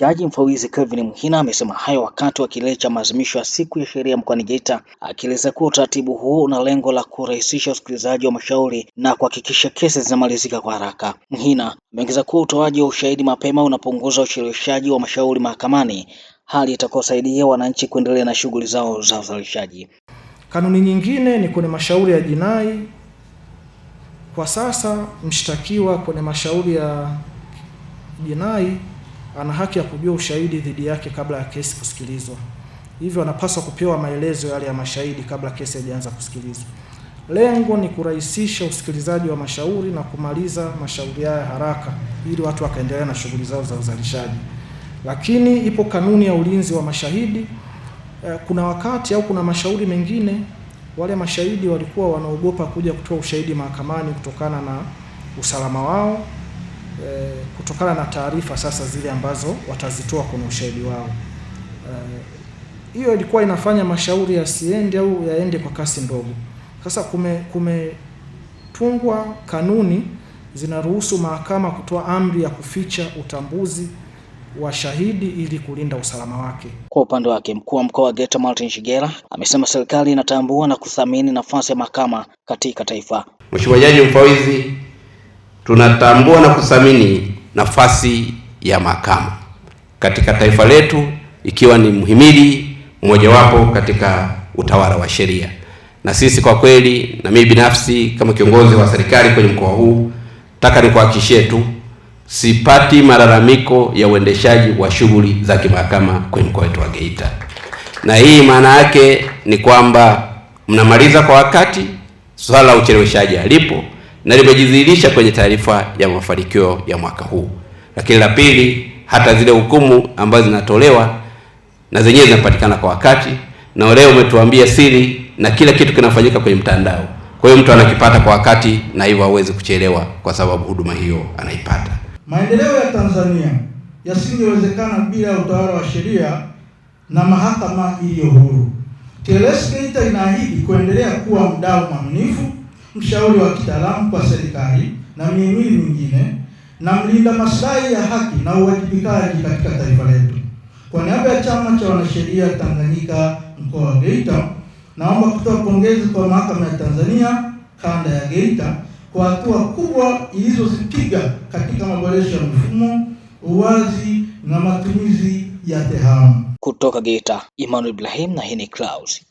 Jaji mfawidhi Kelvin Mhina amesema hayo wakati wa kilele cha maadhimisho ya siku ya sheria mkoani Geita, akieleza kuwa utaratibu huo una lengo la kurahisisha usikilizaji wa mashauri na kuhakikisha kesi zinamalizika kwa haraka. Mhina ameongeza kuwa utoaji wa ushahidi mapema unapunguza ucheleweshaji wa mashauri mahakamani, hali itakayosaidia wananchi kuendelea na shughuli zao za uzalishaji. Kanuni nyingine ni kwenye mashauri ya jinai. Kwa sasa mshtakiwa kwenye mashauri ya jinai ana haki ya kujua ushahidi dhidi yake kabla ya kesi kusikilizwa. Hivyo anapaswa kupewa maelezo yale ya mashahidi kabla kesi haijaanza kusikilizwa. Lengo ni kurahisisha usikilizaji wa mashauri na kumaliza mashauri haya haraka ili watu wakaendelea na shughuli zao za uzalishaji. Lakini ipo kanuni ya ulinzi wa mashahidi. Eh, kuna wakati au kuna mashauri mengine wale mashahidi walikuwa wanaogopa kuja kutoa ushahidi mahakamani kutokana na usalama wao e, kutokana na taarifa sasa zile ambazo watazitoa kwenye ushahidi wao. Eh, hiyo e, ilikuwa inafanya mashauri yasiende au yaende kwa kasi ndogo. Sasa kume kumetungwa kanuni zinaruhusu mahakama kutoa amri ya kuficha utambuzi wa shahidi ili kulinda usalama wake. Kwa upande wake, mkuu wa mkoa wa Geita Martin Shigera amesema serikali inatambua na kuthamini nafasi ya mahakama katika taifa. Mheshimiwa Jaji Mfawidhi tunatambua na kuthamini nafasi ya mahakama katika taifa letu, ikiwa ni mhimili mmojawapo katika utawala wa sheria. Na sisi kwa kweli, na mimi binafsi kama kiongozi wa serikali kwenye mkoa huu, nataka nikuhakikishie tu sipati malalamiko ya uendeshaji wa shughuli za kimahakama kwenye mkoa wetu wa Geita, na hii maana yake ni kwamba mnamaliza kwa wakati, swala la ucheleweshaji halipo na limejidhihirisha kwenye taarifa ya mafanikio ya mwaka huu. Lakini la pili, hata zile hukumu ambazo zinatolewa na zenyewe zinapatikana kwa wakati, na leo umetuambia siri na kila kitu kinafanyika kwenye mtandao. Kwa hiyo mtu anakipata kwa wakati na hivyo hawezi kuchelewa, kwa sababu huduma hiyo anaipata. Maendeleo ya Tanzania yasingewezekana bila ya utawala wa sheria na mahakama iliyo huru. TLS Geita inaahidi kuendelea kuwa mdau mwaminifu mshauri wa kitaalamu kwa serikali na mihimili mingine na mlinda maslahi ya haki na uwajibikaji katika taifa letu. Kwa niaba ya Chama cha Wanasheria Tanganyika mkoa wa Geita, naomba kutoa pongezi kwa Mahakama ya Tanzania kanda ya Geita kwa hatua kubwa ilizozipiga katika maboresho ya mfumo, uwazi na matumizi ya TEHAMA. Kutoka Geita, Emmanuel Ibrahim na hii ni Clouds.